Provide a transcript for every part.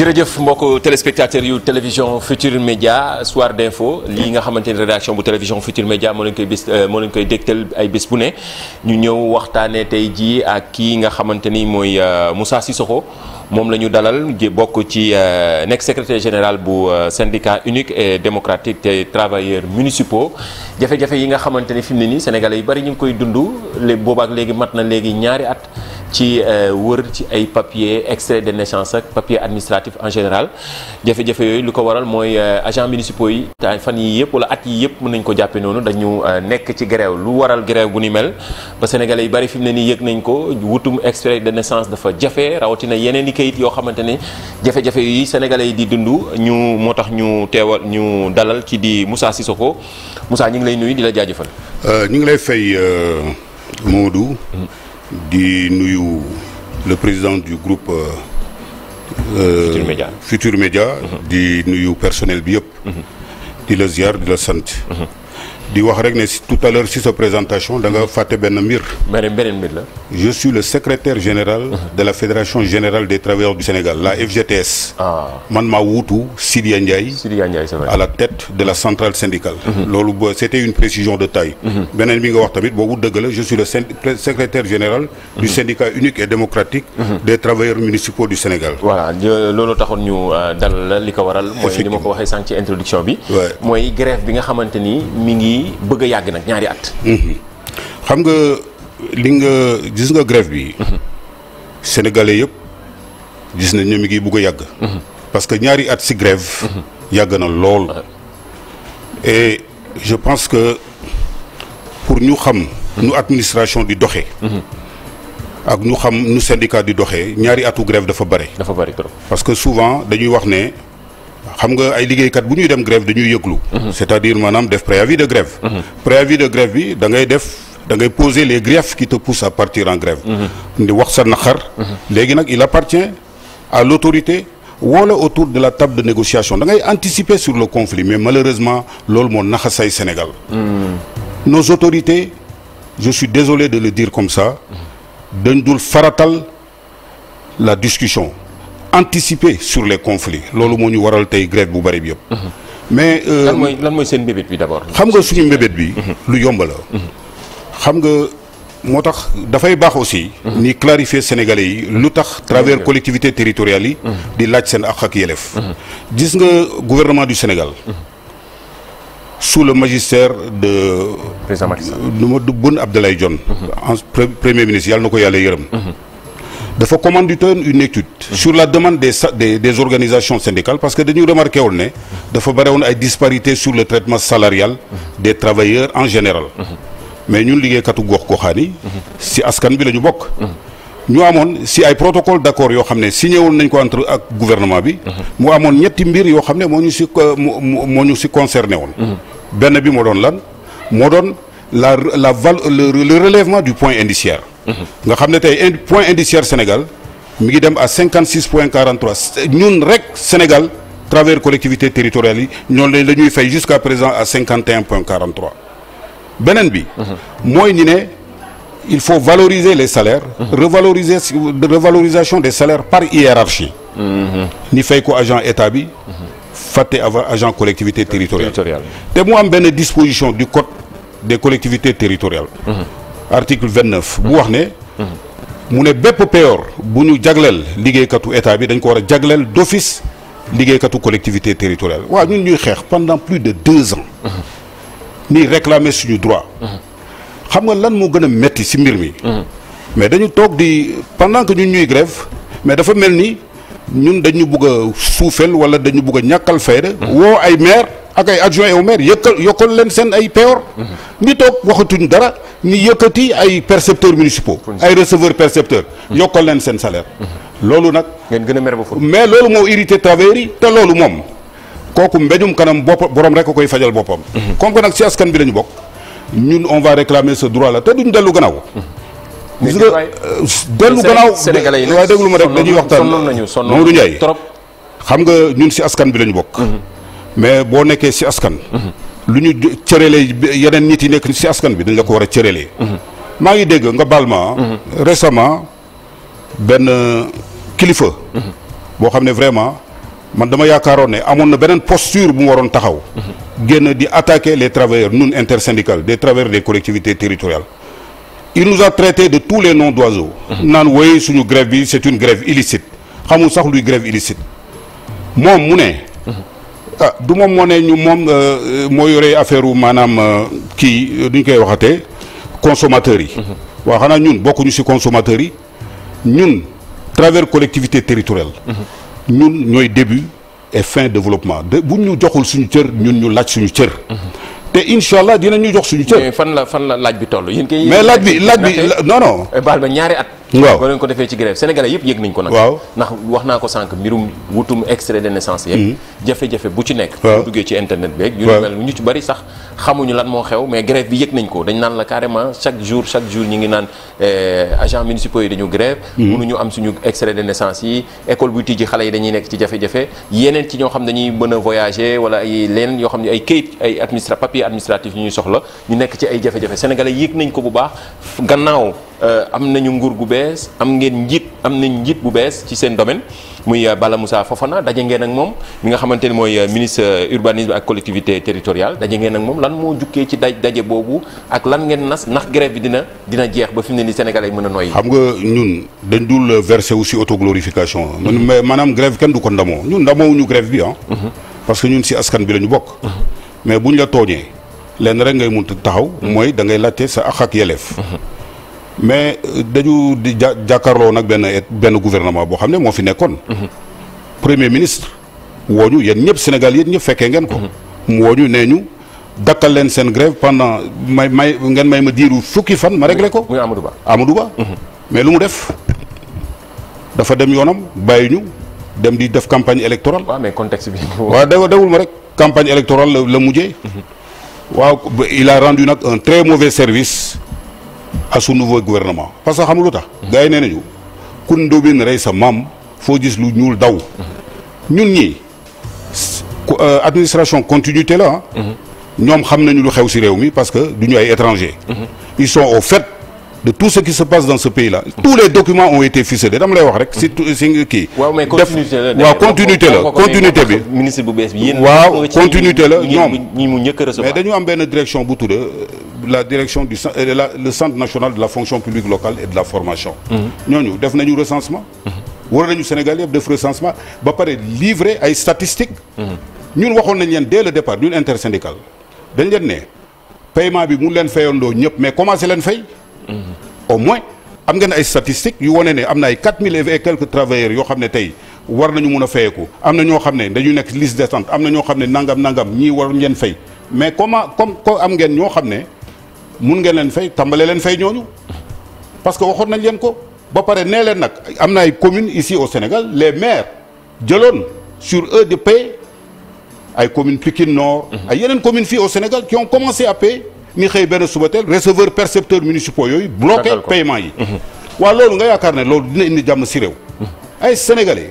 jërëjëf mbokk téléspectateur yu télévision Futur Média soir d' info lii nga xamante ni rédaction bu télévision Futur Média moo leen koy bis euh, moo leen koy dégtal ay bis bu ne ñu ñëw waxtaanee tey jii ak kii nga xamante ni mooy euh, Moussa Sissoko moom la ñu dalal bokk ci euh, nekk secrétaire général bu euh, syndicat unique et démocratique des travailleurs municipaux jafe-jafe yi nga xamante ne fi mu ne nii sénégalais yu bari ñu ngi koy dund léegi boobaak léegi mat na léegi ñaari at ci euh, wër ci ay papier extrait de naissance ak papier administratif en général jafe-jafe yooyu lu ko waral mooy agents municipaux yi fan yii yëpp wala at yi yëpp mën nañ ko jàppe noonu dañu nekk ci grève lu waral grève bu ni mel ba sénégalais yu bari fi mu ne nii yëg nañ ko wutum extrait de dafa jafe rawatina yeneen këyit yoo xamante ne jafe-jafe yi sénégalais yi di dundu ñu moo tax ñu teewal ñu dalal ki di Moussa Sissoko Moussa ñu ngi lay nuyu di la jaajëfal. Euh, ñu ngi lay fay euh, Modou. Mm. di nuyu le président du groupe. Euh, euh Futur Média mm-hmm. di nuyu personnel bi yëpp. Mm-hmm. di la ziar di la sant. Mm-hmm. di wax rek ne si tout à l'heure si sa présentation da nga fàtte benn mbir. beneen mbir la. je suis le secrétaire général. Uh-huh. de la fédération générale des travailleurs du Sénégal la uh-huh. FGTS. Ah. man maa wuutu Sidia Ndiaye. à la tête de la centrale syndicale. Uh-huh. loolu c'était une précision de taille. beneen bi nga wax tamit boobu dëgg la je suis le secrétaire général. du syndicat unique et démocratique. des travailleurs municipaux du Sénégal. voilà loolu ñu euh, dalal la li ko waral. mooy ni ma yi bëgg a yàgg nag ñaari at. Mhm. xam nga li nga gis nga grève bi. Mhm. sénégalais yëpp gis nañ ne mi ngi bëgg yàgg. Mhm. parce que ñaari at si grève yàgg na lool. et je pense que pour ñu xam. nu administration di doxe ak ñu xam nu syndicat di doxee ñaari atu grève dafa bare. parce que souvent dañuy wax ne. xam nga ay liggéeykat bu ñuy dem grève dañuy yëglu mhm. c'est-à-dire maanaam def préavis de grève mhm. préavis de grève bi da ngay def da les griefs qui te poussent à partir en grève ndi mhm. wax sa naqar léegi nag il appartient à l'autorité wala autour de la table de négociation da ngay anticiper sur le conflit mais malheureusement loolu moo naxasay Sénégal nos autorités je suis désolé de le dire comme ça dañ dul faratal la discussion anticiper sur les conflits loolu moo ñu waral tey grève bu bari bi yëpp. Mhm. mais euh, lan mooy lan mooy seen mbébét bi d'abord. xam nga suñu mbébét bi. Mhm. lu yomb la. Mhm. xam nga moo tax dafay baax aussi. ni clarifier sénégalais yi lu tax travers collectivités territoriales yi. di laaj seen ak ak yelef gis nga gouvernement du Sénégal. sous le magistère de. président Macky Sall de Boun Abdallah Dionne. en premier ministre yàlla na ko yàlla yërëm. dafa commanditoon une étude sur la demande des des des organisations syndicales parce que dañu remarqué woon ne dafa bare woon ay disparités sur le traitement salarial des travailleurs en général mais ñun liggéeykatu gox goxaan si askan bi la ñu bokk ñu amoon si ay protocole d' accord yoo xam ne signé woon nañ ko entre ak gouvernement bi mu amoon ñetti mbir yoo xam ne moo ñu si moo ñu si concerné woon benn bi moo doon lan moo doon la la val le relevement du point indiciaire nga xam ne tey point indiciaire Sénégal mi ngi dem à 56 point 43 ñun rek Sénégal travers collectivité territoriales yi ñoom lañ la ñuy fay jusqu'à présent à 51 point 43 beneen bi mooy ni ne il faut valoriser les salaires revaloriser revalorisation des salaires par hiérarchie ni fey ko agent état bi fàtte agent collectivité territoriale te mu am benn disposition du code des collectivités territoriales article vingt neuf. bu wax ne. mu ne bépp peyor bu ñu jagleel liggéeykatu état bi dañ ko war a jagleel d'office liggéeykatu collectivité territoriale waaw ñun ñuy xeex pendant plus de deux ans. ni réclamer suñu droit. xam nga lan moo gën a metti ci mbir mi. mais dañu toog di pendant que ñun ñuy grève mais dafa mel ni ñun dañu bugg a suufeel wala dañu bugg a ñàkkal fayda. woo ay maire ak ay adjoint au maire yëkkal yokkal leen seen ay peyor. ñu toog waxatuñ dara. ñu yëkkati ay percepteurs municipaux. ay receveurs percepteurs. Hmm. yokkal leen seen salaire. Hmm. loolu nag. ngeen gën a mer mais loolu moo irrité travailleurs yi te loolu moom kooku mbéjum kanam bopp boroom rek koy fajal boppam. kon hmm. nag si askan bi la bokk ñun on va réclamer ce droit là te duñ dellu gannaaw. gis nga euh, dellu gannaaw sénégalais yi waaye déglu ma rek dañuy waxtaan Mamadou Ndiaye trop xam nga ñun si askan bi lañu ñu bokk. mais boo nekkee si askan. lu ñu cëralee yeneen nit yi nekk ci askan bi dañ la ko war a cëralee. Mhm. maa ngi dégg nga baal ma. Mhm. récemment benn kilifa. Mhm. boo xam ne vraiment man dama yaakaaroon ne amoon na beneen posture bu mu waroon taxaw. génn di attaquer les travailleurs non intersyndicales des travailleurs des collectivités territoriales. il nous a traité de tous les noms d'oiseaux. naan woy suñu grève bi c'est une grève illicite xamul sax luy grève illicite moom mu ne. ah du moom moo ne ñu moom euh, euh, moo yore affaire wu maanaam euh, kii duñ koy waxatee consommateurs yi. Mhm. waaw xanaa ñun bokkuñu si consommateurs yi ñun travers collectivité territoriale. Mhm. ñun ñooy début et fin développement de bu ñu joxul suñu cër ñun ñu laaj suñu cër. Mhm. te incha allah ñu jox suñu cër. mais fan la fan la laaj bi toll yéen kay. mais laaj bi laaj bi non eh, baal ma ñaari at. waaw boo leen ko defee ci grève sénégalais yëpp yëg nañ ko nag waaw ndax wax naa ko sànq mbirum wutum extrait de naissance yeeg hmm. jafe-jafe bu ci nekk duggee ci internet beeg ñu mel ñu ci bari sax xamuñu lan moo xew mais grève bi yëg nañ ko dañ la carrément chaque jour chaque jour ñi ngi naan eh, agents municipaux yi dañu grève hmm. mënuñu am suñu extrait de naissance yi école buy tijji xale yi dañuy nekk ci jafe-jafe yeneen ci ñoo xam dañuy mën a voyager wala ay leneen yoo xam ne ay kayit ay administra papier administratif ñu ñuy soxla ñu nekk ci ay jafe-jafe sénégalais yëg nañ ko bu baax gannaaw Euh, am nañu nguur gu bees am ngeen njiit am nañ njiit bu bees ci seen domaine muy euh, Bala Moussa Fofana daje ngeen ak moom mi nga xamante ni mooy euh, ministre urbanisme ak collectivité territoriale daje ngeen ak moom lan moo jukkee ci daj daje boobu ak lan ngeen nas ndax grève bi dina dina jeex ba fi mu ne ni Sénégalais yi mën a noyyi. xam nga ñun dañ dul verser aussi autoglorification. Mhm. mais maanaam grève kenn du ko ndamoo ñun ñu grève bi ah. Mhm. parce que ñun si askan bi la ñu bokk. Mhm. mais buñ la tooñee lenn rek ngay mun taxaw. mooy da ngay laajte sa ak ak mais euh, dañu di ja jàkkaarloo nag benn benn gouvernement boo xam ne moo fi nekkoon. Mhm. premier ministre wooñu yéen ñëpp Sénégal yéen ñëpp fekkee ngeen ko. Mhm. mu wooñu nee ñu dakkal leen seen grève pendant may may ngeen may ma diiru fukki fan ma réglé ko. muy Amadou Ba Amadou Ba. Mhm. mais lu mu def dafa dem yoonam bàyyi ñu dem di def campagne électorale. waaw mais bi. waaw dégg déglu ma rek campagne électorale la la mujjee. waaw il a rendu nag un très mauvais service. à son nouveau parce que xam lu tax. gars yi nee nañu ku ndóobin rey sa maam foo gis lu ñuul daw. ñun ñii euh, administration continuité la mhm. ñoom xam nañu lu xew si réew mi parce que du ñu ay étranger. Mhm. ils sont au fait. de tout ce qui se passe dans ce pays là tous les documents ont été ficelés dama lay wax rek continuité la continuité bi waaw continuité la ñoom mais dañu am benn direction bu tudd euh, la direction du euh, le centre national de la fonction publique locale et de la formation mm-hmm. ñooñu def nañu recensement mm-hmm. war nañu Sénégal yëpp def recensement ba pare livrer ay statistiques mm-hmm. ñun waxoon nañ leen dès le départ ñun intersyndical dañ leen ne paiement bi mu leen fayoon ñëpp mais commencé leen fay au moins am ngeen ay statistiques yu wane ne am na ay 4000 et quelques travailleurs yoo xam ne tey war nañu mun a fayeeku am na ñoo xam ne dañu nekk liste d'attente am na ñoo xam ne nangam nangam ñii war ngeen fay mais comment comme ko am ngeen ñoo xam ne mun ngeen leen fay tàmbale leen fay ñooñu parce que waxoon nañ leen ko ba pare nee leen nag am na ay communes ici au Sénégal les maires jëloon sur eux de payer ay communes Pikine Nord mm-hmm. ay yeneen au Sénégal qui ont commencé ñu xëy benn subatel receveur percepteur municipaux yooyu bloqué paiement yi mhm. waaw loolu nga yaakaar ne loolu dina indi jàmm si réew mhm. ay sénégalais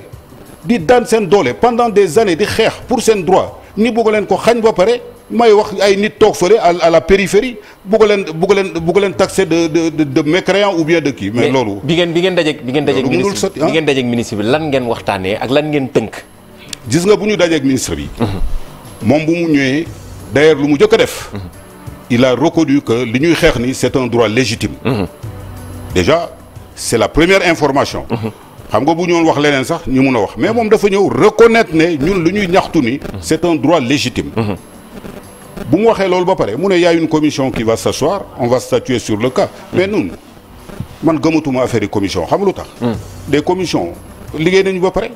di daan seen doole pendant des années di xeex pour seen droit ni bugg leen ko xañ ba pare may wax ay nit toog fële à la périphérie bugg leen bugg leen bugg leen taxé de de de mécréant ou bien de kii mais loolu bi ngeen bi ngeen dajeeg bi ngeen dajeeg ministre ah. bi ngeen dajeeg ministre bi lan ngeen waxtaanee ak lan ngeen tënk gis nga bu ñu dajeeg ministre bi mhm. moom bu mu jëkk def il a reconnu que li ñuy xeex ni c'est un droit légitime mmh. déjà c'est la première information mhm. xam nga bu ñoon wax leneen sax ñu mun a wax mais moom dafa ñëw reconnaître ne ñun lu ñuy ñaxtu ni mhm. c'est un droit légitime mhm. bu mu waxee loolu ba pare mu ne y a une commission qui va s'asseoir on va statuer sur le cas mais nun man gëmatuma affaire yi commission xam lu tax des commissions liggéey nañu ba pare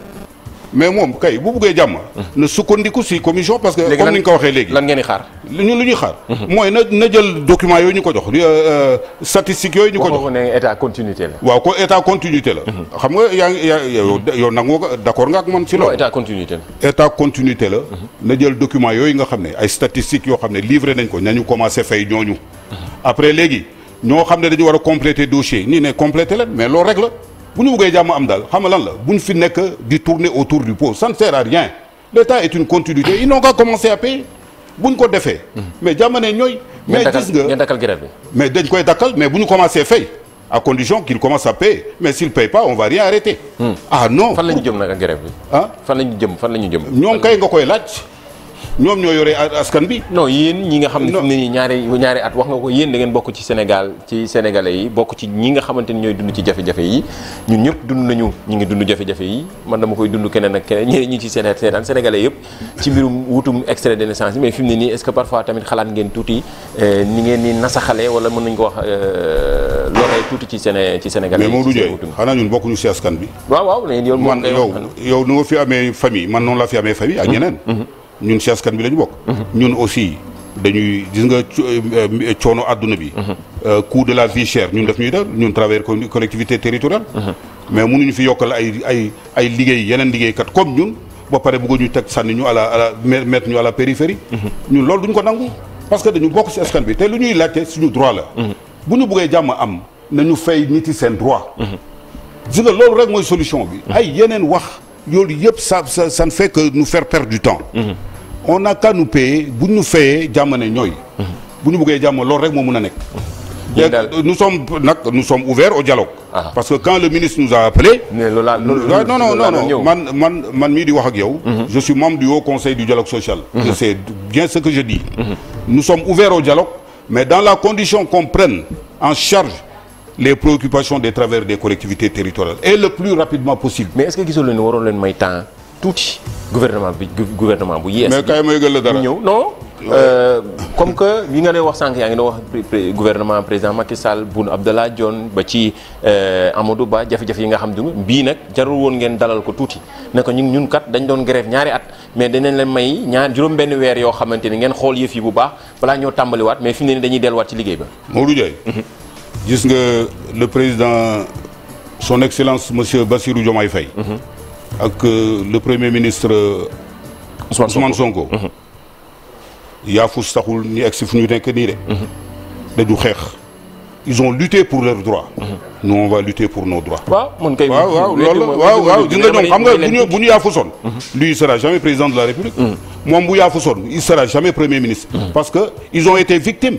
mais moom kay bu buggee jàmm. na sukkandiku si commission parce que. comme ni ñu waxee léegi lan ngeen di xaar. ñun lu ñuy xaar. Mhm. mooy na na jël document yooyu ñu ko jox euh, euh, statistiques yooyu. ñu ko jox ne état continuité la. waaw ko état continuité la. Mhm. xam nga yaa yoo yaa yow mhm. yow nangu d'accord nga ak man si loolu. état continuité la. na jël document yooyu nga xam ne ay statistiques yoo xam ne livré nañ ko nañu commencé fay ñooñu. après léegi ñoo xam ne dañu war a compléter dossier ñii ne complété leen mais loolu rek la. bu ñu bëggee jàmm am daal xam nga lan la bu ñu fi nekk di tourner autour du pot ça ne sert à rien l'état est une continuité ils n'ont qu'à commencer à payer bu ñu ko defee. Hmm. mais jàmm ne ñooy. mais gis nga mais dañ koy dakkal mais bu ñu commencé fay à condition qu'il commence à payer mais s'il paye pas on va rien arrêter. Hmm. ah non fan la ñu jëm bi. ah fan la ñu jëm fan la ñu jëm. ñoom kay nga koy laaj. ñoom ñoo yore askan bi. non yéen ñi nga xam ne fi nii ñaari ñaari at wax nga ko yéen da ngeen bokk ci Sénégal ci sénégalais yi bokk ci ñi nga xamante ni ñooy dund ci jafe-jafe yi ñun ñëpp dund nañu ñu ngi dund jafe-jafe yi man dama koy dund keneen ak keneen ñi ci Sénégal seetaan yëpp ci mbirum wutum extrait de naissance yi fi mu ne nii est-ce que parfois tamit xalaat ngeen tuuti euh, ni ngeen ni nasaxalee wala mën nañ ko wax euh, loree tuuti ci Séné ci sénégalais yi. mais Maodo Ndiaye xanaa ñun bokkuñu ci askan bi. waaw waaw yow yow nu nga fi amee famille man noonu laa fi amee famille ak mhm. ñeneen mhm. ñun ci askan bi la ñu bokk. ñun aussi dañuy gis euh, euh, coono àdduna bi. Mhm. Euh, coût de la vie chère ñun daf ñuy dal ñun travers collectivité territoriale. Mhm. mais mënuñu fi yokkal ay ay ay liggéey yeneen liggéeykat comme ñun ba pare bëgg ñu teg sànni ñu à la à la mettre ñu à la périphérie. Mhm. ñun loolu duñ ko nangu parce que dañu bokk ci askan bi te lu ñuy laajte suñu droit la. bu ñu bëggee jàmm am nañu fay nit yi seen droit. gis loolu rek mooy solution bi. ay yeneen wax. yooyu yëpp ça ça ça ne fait que nous faire perdre du temps. Mm-hmm. on n'a qu'à nous payer bu ñu fayee jàmm ne mm-hmm. bu ñu bëggee jàmm loolu rek moo mun a nekk. Mm-hmm. nous sommes nag nous sommes ouverts au dialogue. Ah. parce que quand le ministre nous a appelé. Ah, non non man man mii di wax ak yow. je suis membre du haut conseil du dialogue social. Mm bien ce que je dis. nous sommes ouverts au dialogue mais dans la condition qu'on prenne en charge. les préoccupations des travers des collectivités territoriales et le plus rapidement possible. mais est-ce que gisul leen waroon leen may temps tuuti gouvernement bu yees. mais kay ma yëgal la dara ñëw non. Euh, comme que yi nga lay wax sànq yaa ngi doon wax gouvernement président Macky Sall Boun Abdallah Dionne ba ci euh, Amadou Ba jafe-jafe yi nga xam du bii nag jarul woon ngeen dalal ko tuuti ne ko ñun ñun kat dañ doon grève ñaari at mais danañ leen may ñaar juróom benn weer yoo xamante ni ngeen xool yëf yi bu baax balaa ñoo tàmbaliwaat mais fi mu dañuy delluwaat ci liggéey ba. Modou Ndiaye. Mhm. gis nga le président son excellence monsieur Bassirou Diomaye Faye mhm. ak euh, le premier ministre Ousmane Sonko mhm. yaafus taxul ñu egsi fu ñu nekk nii de mhm. dañu xeex ils ont lutté pour leurs droits nous on va lutter pour nos droits waaw man kay waaw waaw loolu waaw waaw gis nga ñoom xam nga bu ñu bu ñu yaafusoon lui il sera jamais président de la république moom bu yaafusoon il sera jamais premier ministre parce que ils ont été victimes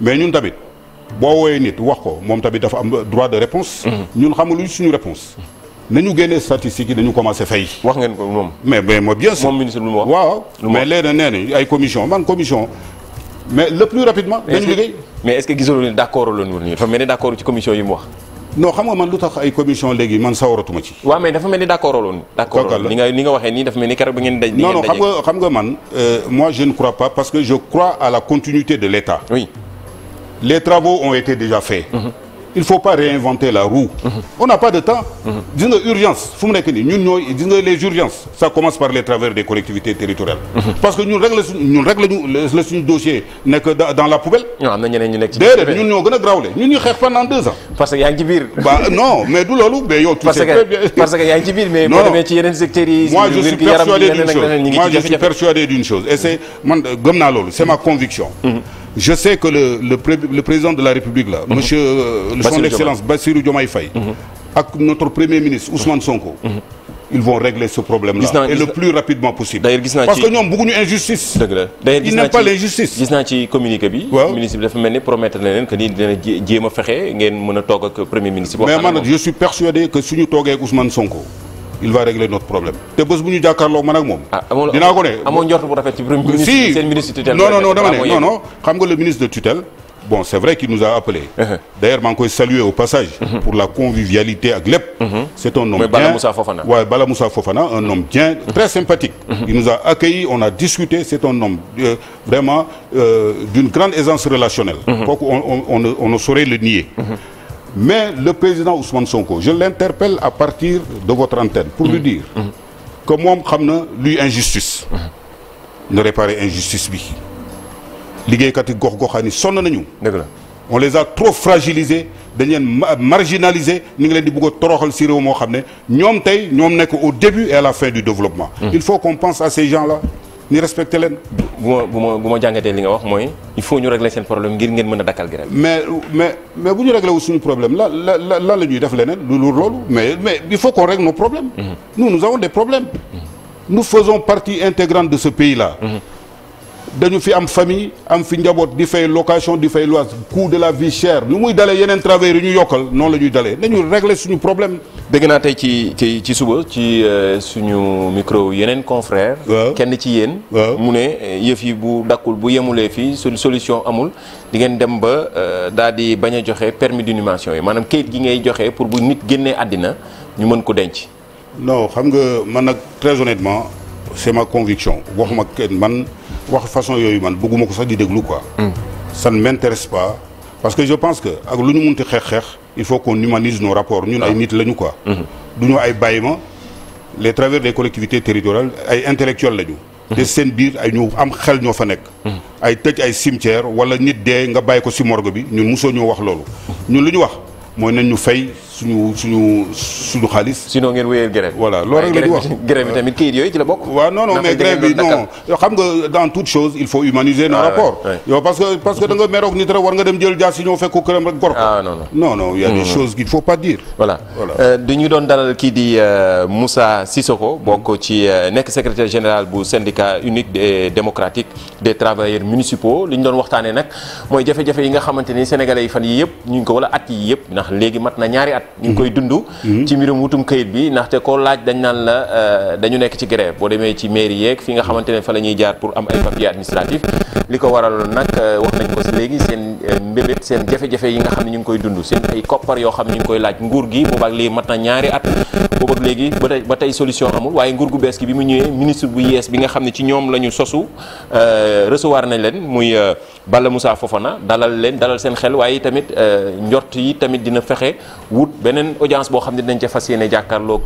mais ñun tamit boo wooyee nit wax ko moom tamit dafa am droit de lu mhm. mu wax. waaw mais léegi nag na ay commission man commission. mais le plus rapidement. dañu liggéey mais est ce que gisuloo ne d' accord la mel ni d' accord ci commission yi mu wax. non xam ni nga waxee nii dafa mel ni keroog ba ngeen daj. ni ngeen dajee non xam nga man. Euh, moi je ne crois pas parce que je crois à la continuité de l' les travaux ont été déjà faits. il faut pas réinventer la roue. on n'a pas de temps. gis urgence fu mu nekk nii ñun les urgences. commence par les travers des collectivités territoriales. parce que ñun rek la dossier nekk dans la poubelle. ñoo am na ñeneen ñu nekk deux ans. bah non mais du loolu mais tu sais très bien moi je suis persuadé d'une chose et c'est man c'est ma conviction. Mm-hmm. je sais que le le, pré, le président de la République là. Mhm. monsieur euh, son excellence Bassirou Diomaye Faye. Mhm. ak notre premier ministre Ousmane Sonko. Mhm. ils vont régler ce problème là. et le plus rapidement possible. d'ailleurs gis naa ci parce que ñoom bëgguñu injustice. dëgg la d'ailleurs gis naa ci ils n'aiment pas l'injustice. gis naa ci communiqué bi. waaw ministre bi dafa mel ni promettre na leen que ni dina jéem a fexe ngeen mën a toog ak premier ministre. boo mais man je suis persuadé que suñu toogee ak Ousmane Sonko. il va régler notre problème te bés bu ñu jàkkaarloo moom. Ah, dinaa ko ne amoo non non non non non xam le ministre de tutelle. c'est vrai qu'il nous a appelé uh-huh. d'ailleurs maa ngi saluer au passage uh-huh. pour la convivialité ak lépp uh-huh. c'est un homme bien Bala Moussa Fofana waaw un homme bien très sympathique il nous a accueillis on a discuté c'est un homme euh, vraiment euh, d'une grande aisance relationnelle kooku on ne saurait le nier mais le président Ousmane Sonko je l'interpelle à partir de votre antenne pour lui dire que moom xam na luy injustice ne réparer injustice bi liggéeykat yi gox goxaan yi sonn nañu on les a trop fragilisés dañ leen marginalisé ñu ngi leen di bëgg a toroxal si réew moo xam ne ñoom tey ñoom nekk au début et à la fin du développement il faut qu'on pense à ces gens-là ñu respecté leen. bu ma bu ma bu jàngatee li nga wax mooy il faut ñu régler seen problème ngir ngeen mën a dakkal grève. mais mais mais bu ñu réglé wu suñu problème la la la la ñuy def leneen lu loolu mais mais il faut qu'on règle nos problèmes. Mm-hmm. nous nous avons des problèmes. Mm-hmm. nous faisons partie intégrante de ce pays là. Mm-hmm. dañu fi am famille am fi njaboot di fay location di fay loyer coût de la vie chère lu muy dalee yeneen travailleurs yi ñu yokkal noonu la ñuy dalee nañu régler suñu problème. dégg naa tey ci ci ci suba ci euh, suñu micro yeneen confrère kenn ci yéen. mu ne euh, yëf yi bu dakkul bu yemulee fii solution amul di ngeen dem ba euh, daal di bañ a joxe permis d'inhumation yi maanaam kayit gi ngay joxe pour bu nit génnee àddina ñu mën ko denc. non xam nga man ak très honnêtement c'est m man. wax façon yooyu man bëgguma ko sax di déglu quoi. Hmm. ça ne pas. parce que je pense que ak lu ñu munti xeex-xeex il faut qu'on humanise nos rapports ñun ay ah. nit lañu quoi. Hmm. du ñu ay bàyyi ma les travers des collectivités territoriales ay intellectuels lañu. Hmm. te seen biir ay ñu am xel ñoo fa nekk. ay tëj ay cimetière wala nit dee nga bàyyi ko si morgue bi ñun mosoo ñoo wax loolu. ñun lu ñu wax mooy nañ ñu fay. suñu suñu suñu xaalis. sinon ngeen wéyal grève. voilà loolu rek la di wax grève bi tamit kayit yooyu ci la bokk. waaw non non mais grève bi non xam nga dans toute chose il faut ah, que parce que da nga meroog nit rek war nga dem jël jaasi ñëw fekk këram rek gor ko. ah non non non non y a des mm-hmm. choses qu'il faut pas dire. voilà euh, dañu doon dalal kii di euh, Moussa Sissoko bokk ci euh, nekk secrétaire général bu syndicat unique et démocratique des travailleurs municipaux li ñu doon waxtaanee nag mooy jafe-jafe yi nga xamante ni sénégalais yi fan yii yëpp ñu ngi ko wala at yii yëpp ndax léegi mat na ñaari at ñu ngi koy dund mhm. ci mbirum wutum kayit bi ndaxte ko laaj dañ naan la euh, dañu nekk ci grève boo demee ci mairie yeeg fi nga xamante ne fa la ñuy jaar pour am ay papier administratif li ko waraloon nag euh, wax nañ ko léegi seen euh, mbébét seen jafe-jafe yi nga xam ne ñu ngi koy dund seen ay koppar yoo xam ne ñu ngi koy laaj nguur gi boobaak lii mat na ñaari at léegi ba tey ba tey solution amul waaye nguur gu bees gi bi mu ñëwee ministre bu yees bi nga xam ne ci ñoom la ñu sosu euh, recevoir nañ leen muy euh, Balla Moussa Fofana dalal leen dalal seen xel waaye tamit euh, njort yi tamit dina fexe wut beneen audience boo xam ne dinañ ca fas yéene jàkkaarloog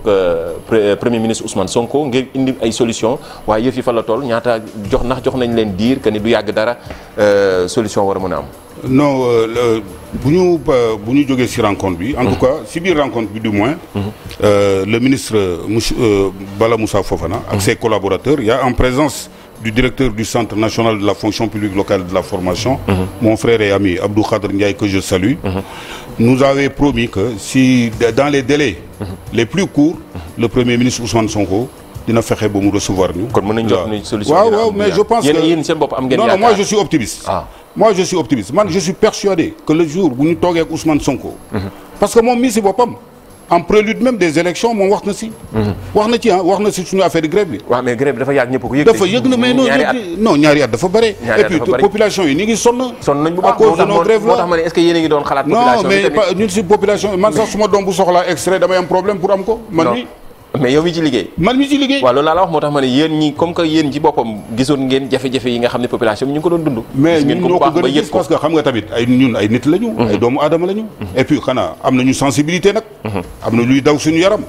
premier ministre Ousmane Sonko ngir indi ay solution waaye yëf yi fa la tool ñaata jox ndax jox nañ leen diir que ni du yàgg dara solution war a mën a am. non euh, bu ñu euh, bu ñu jógee ci rencontre bi. en tout mhm. cas ci biir rencontre bi du moins. Mhm. Euh, le ministre monsieur euh, Bala Moussa Fofana. ak mhm. ses collaborateurs y a en présence. du directeur du centre national de la fonction publique locale de la formation. Mm -hmm. mon frère et ami Abdou Khadr Ndiaye que je salue. nous avait promis que si dans les délais. les plus courts. le premier ministre Ousmane Sonko dina fexe ba mu recevoir ñu. kon mën nañu jot solution. waaw waaw mais je pense que am ngeen yaakaar non je suis optimiste. Ah. moi je suis optimiste man je suis persuadé que le jour bu ñu toogee parce que moom mii boppam. en prélude même des élections moom wax na si. wax na ci ah wax affaire grève bi. bi dafa yàgg ñëpp ko yëg. at dafa bare. et population yi ni ngi sonn. sonn nañ bu baax moo tax moo a ngi doon xalaat. population bi tamit non mais ñun si population man sax su ma bu soxlaa extrait damay am problème pour am ko. mais yow mi ci liggéey. man mi ci liggéey. waaw loolu laa la wax moo tax ma ne ñi comme que yéen ci boppam gisoon ngeen jafe-jafe yi nga xam ne population bi ñu ngi ko doon dund. mais ñun ko gën a gis parce que xam la ñu. ay mhm. doomu aadama la ñu. Mhm. et puis xanaa am nañu sensibilité nag. Mhm. suñu yaram.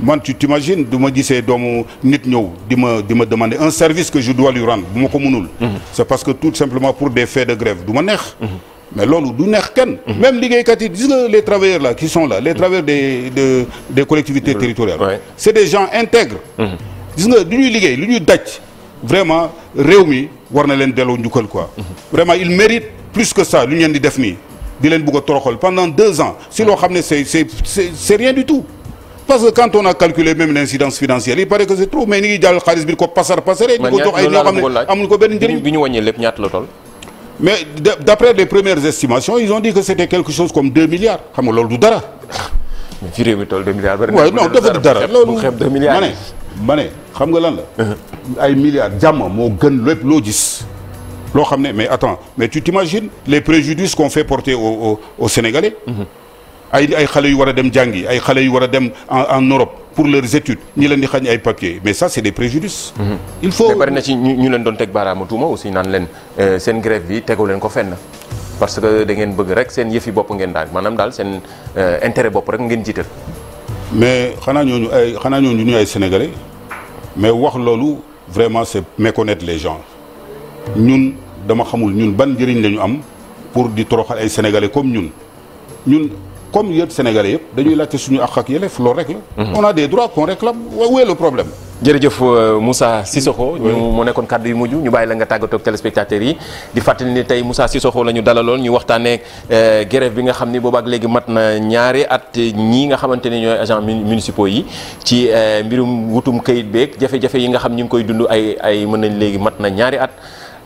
man tu t'imagines du ma gisee doomu nit ñëw di ma di ma demander un service que je dois lui rendre bu ma ko mënul. c'est parce que tout simplement pour des faits de grève du ma neex. mais loolu du neex kenn. Mhm. même liggéeykat yi gis nga les travailleurs là qui sont là les mhm. travailleurs des de des collectivités territoriales. Ouais. c'est des gens intègres. Mhm. gis lu ñuy liggéey lu ñuy daj. vraiment réew mi war na njukkal quoi. vraiment il mérite plus que ça lu ñu leen di def di leen bugg a pendant deux ans si loo xam ne c'est rien du tout. parce que quand on a calculé même l'incidence financière il paraît que c'est trop mais ni ngi jàll xaalis bi di ko jox ay ko ñaata la toll. mais d'après les premières estimations ils ont dit que c'était quelque chose comme 2 milliards xam nga loolu dara. ci réew mi toll 2 milliards bari waaw non dafa du dara loolu ma ne xam nga lan la uh-huh. ay milliards jàmm moo gën lépp loo gis loo xam ne mais attends mais tu t'imagines les préjudices qu'on fait porter aux aux Sénégalais uh-huh. ay ay xale yu war a dem jàngi ay xale yu war a dem en Europe pour leurs études ñi leen di xañ ay papiers mais ça c'est des préjudices. Mhm. il faut mais bari na ci ñu leen doon teg baaraamu tuuma aussi naan leen euh, seen grève bi tegoo leen ko fenn. parce que da ngeen bëgg rek seen yëfi bopp ngeen daal maanaam daal seen euh, intérêt bopp rek ngeen jiital. mais xanaa ñooñu ay xanaa ñooñu ñu ay sénégalais mais wax loolu vraiment c'est méconnaître les gens ñun dama xamul ñun ban njëriñ la am pour di toroxal ay sénégalais comme ñun comme yëpp Sénégalais yëpp dañuy laajte suñu àq ak yelleef loolu rek la. Mhm. on a dee droits qu'on réclame où est le problème. jërëjëf euh, Moussa Sissoko ñu mu nekkoon kàddu yu mujj ñu bàyyi la nga tàggatoo ak yi di fàttali ni tey musa Sissoko la ñu dalaloon ñu waxtaanee euh, grève bi nga xam ni boobaak léegi mat na ñaari at ñii nga xamante ni ñooy agents municipaux yi ci euh, mbirum wutum kayit beeg jafe-jafe yi nga xam ñu ngi koy dund ay ay mën nañ léegi mat na ñaari at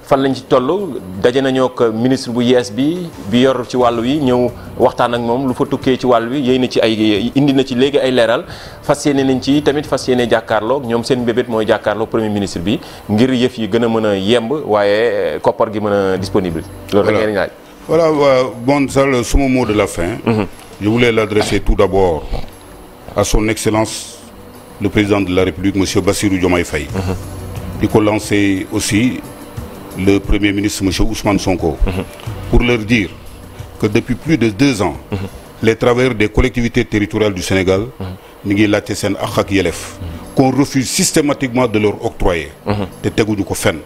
fan lañ ci toll daje nañoo ak ministre bu yees bi bi yor ci wàll wi ñëw waxtaan ak moom lu fa tukkee ci wàll wi yéy na ci ay indi na ci léegi ay leeral fas yéene nañ ci tamit fas yéene jàkkaarlook ñoom seen mbébét mooy jàkkaarloo premier ministre bi ngir yëf yi gën a mën a yemb waaye koppar gi mën a disponible. loolu rek ngeen laaj. voilà bon ça le suma mot de la fin. Mhm. je voulais l'adresser tout d'abord à son excellence le président de la république monsieur Bassirou Diomaye le Premier ministre, M. Ousmane Sonko, mmh. pour leur dire que depuis plus de deux ans, les travailleurs des collectivités territoriales du Sénégal, Nigel Latesen Akhak Yelef, qu'on refuse systématiquement de leur octroyer. te teguñu ko fenn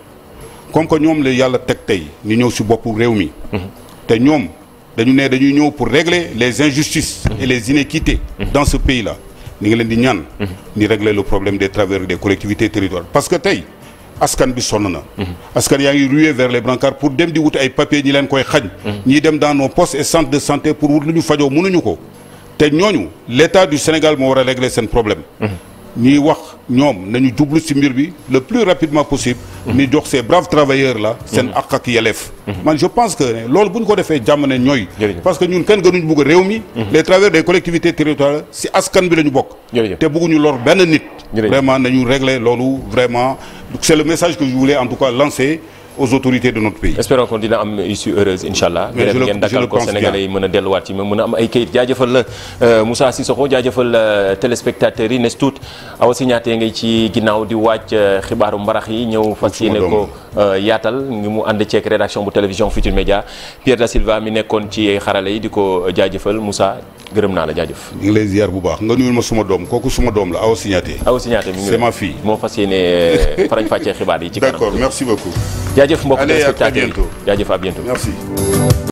comme que ñoom la yàlla teg tey ñu ñëw si boppu réew mi. te ñoom dañu ne dañuy ñëw pour régler les injustices. et les inéquités. dans ce pays là ñu ngi leen di ñaan. ni régler le problème des travailleurs des collectivités territoriales askan bi sonn na askan yaa ngi rué vers les brancards pour dem di wuti ay papier ñi leen koy xañ ñi dem dans nos postes et de santé pour wut lu ñu fajoo mënuñu ko te ñooñu l' état du Sénégal moo war a régler seen problème ñuy wax ñoom nañu jublu si mbir bi le plus rapidement possible. Mhm. ni jox ces braves travailleurs la seen ak mhm. ak yelleef. Mhm. man je pense que loolu bu ñu ko defee jàmm ne ñooy. parce que ñun kenn gënuñu bugg réew mi. les travailleurs des collectivités territoriales ci askan bi la ñu bokk. te bugguñu lor benn nit. vraiment nañu régler loolu vraiment c'est le message que je voulais en tout cas lancer. aux autorités de notre pays. espérons que dina am issue heureuse incha allah. ngeen dakkal ko Sénégalais yi mën a delluwaat ci mën a am ay kayit jaajëfal la euh, Moussa Cissokho jaajëfal euh, téléspectateurs yi nes tuut awa si ñaatee ngay ci ginnaaw di wàcc euh, xibaaru mbarax yi ñëw fas yéene ko. Euh, yaatal ngi mu ànd ceeg rédaction bu télévision Futur Média Pierre da Silva mi nekkoon ci xarala yi di ko jaajëfal Moussa gërëm naa la jaajëf. ñu ngi lay ziar bu baax nga nuyul ma suma doom kooku suma doom la Awa Signaté. Awa Signaté mi ngi c'est ma fille moo fas yéene euh, farañ fàccee xibaar yi. ci kanam d'accord merci beaucoup. jaajëf mbokk téléspectateurs yi jaajëf à bientôt merci.